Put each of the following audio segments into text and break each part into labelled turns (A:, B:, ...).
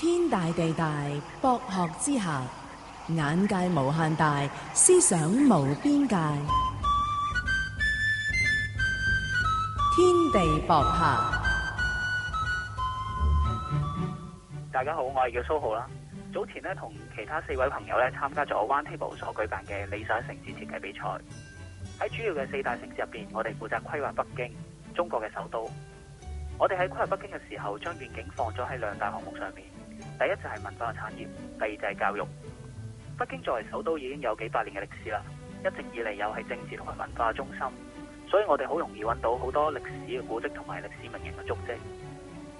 A: 天大地大，博客之下，眼界無限大，思想無邊界。天地博客，大家好，我係叫蘇浩啦。早前呢，同其他四位朋友呢，參加咗 Roundtable 所舉辦嘅理想城市設計比賽。喺主要嘅四大城市入邊，我哋負責規劃北京，中國嘅首都。我哋喺規劃北京嘅時候，將願景放咗喺兩大項目上面。第一就係文化嘅產業，第二就係教育。北京作為首都已經有幾百年嘅歷史啦，一直以嚟又係政治同埋文化中心，所以我哋好容易揾到好多歷史嘅古蹟同埋歷史名人嘅足跡。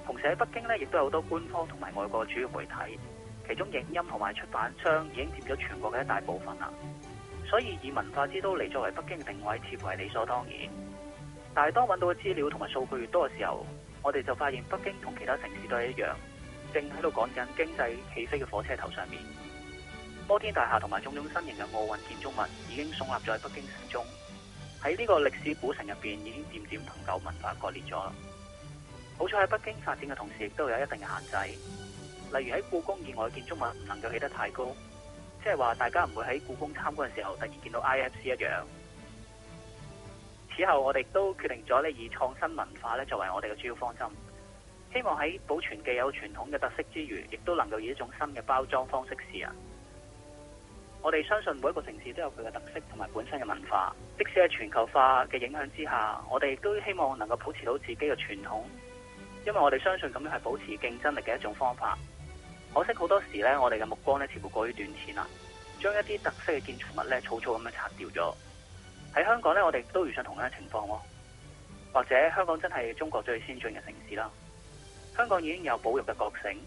A: 同時喺北京呢，亦都有好多官方同埋外國主要媒體，其中影音同埋出版商已經佔咗全國嘅一大部分啦。所以以文化之都嚟作為北京嘅定位，似乎係理所當然。但係當揾到嘅資料同埋數據越多嘅時候，我哋就發現北京同其他城市都係一樣。正喺度趕緊經濟起飛嘅火車頭上面，摩天大廈同埋種種新型嘅奧運建築物已經聳立在北京城中。喺呢個歷史古城入邊，已經漸漸同舊文化割裂咗。好彩喺北京發展嘅同時，亦都有一定嘅限制。例如喺故宮以外嘅建築物唔能夠起得太高，即係話大家唔會喺故宮參觀嘅時候突然見到 IFC 一樣。此後我哋都決定咗咧，以創新文化咧作為我哋嘅主要方針。希望喺保存既有傳統嘅特色之餘，亦都能夠以一種新嘅包裝方式示人。我哋相信每一個城市都有佢嘅特色同埋本身嘅文化，即使喺全球化嘅影響之下，我哋都希望能夠保持到自己嘅傳統，因為我哋相信咁樣係保持競爭力嘅一種方法。可惜好多時呢，我哋嘅目光呢，似乎過於短淺啦，將一啲特色嘅建築物呢，草草咁樣拆掉咗。喺香港呢，我哋都遇上同樣嘅情況，或者香港真係中國最先進嘅城市啦。香港已經有保育嘅覺醒，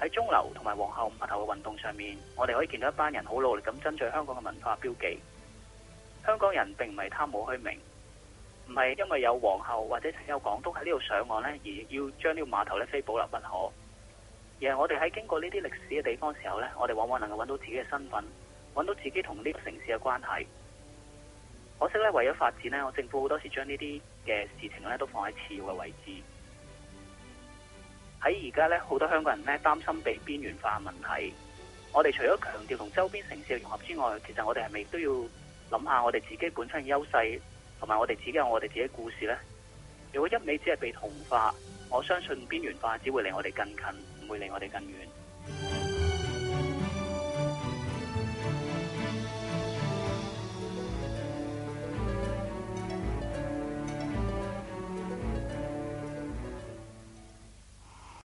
A: 喺鐘樓同埋皇后碼頭嘅運動上面，我哋可以見到一班人好努力咁爭取香港嘅文化標記。香港人並唔係貪慕虛名，唔係因為有皇后或者有港督喺呢度上岸咧，而要將呢個碼頭咧非保留不可。而係我哋喺經過呢啲歷史嘅地方時候咧，我哋往往能夠揾到自己嘅身份，揾到自己同呢個城市嘅關係。可惜呢，為咗發展咧，我政府好多時將呢啲嘅事情咧都放喺次要嘅位置。喺而家咧，好多香港人咧擔心被邊緣化問題。我哋除咗強調同周邊城市嘅融合之外，其實我哋係咪都要諗下我哋自己本身嘅優勢同埋我哋自己有我哋自己故事呢？如果一味只係被同化，我相信邊緣化只會離我哋更近，唔會離我哋更遠。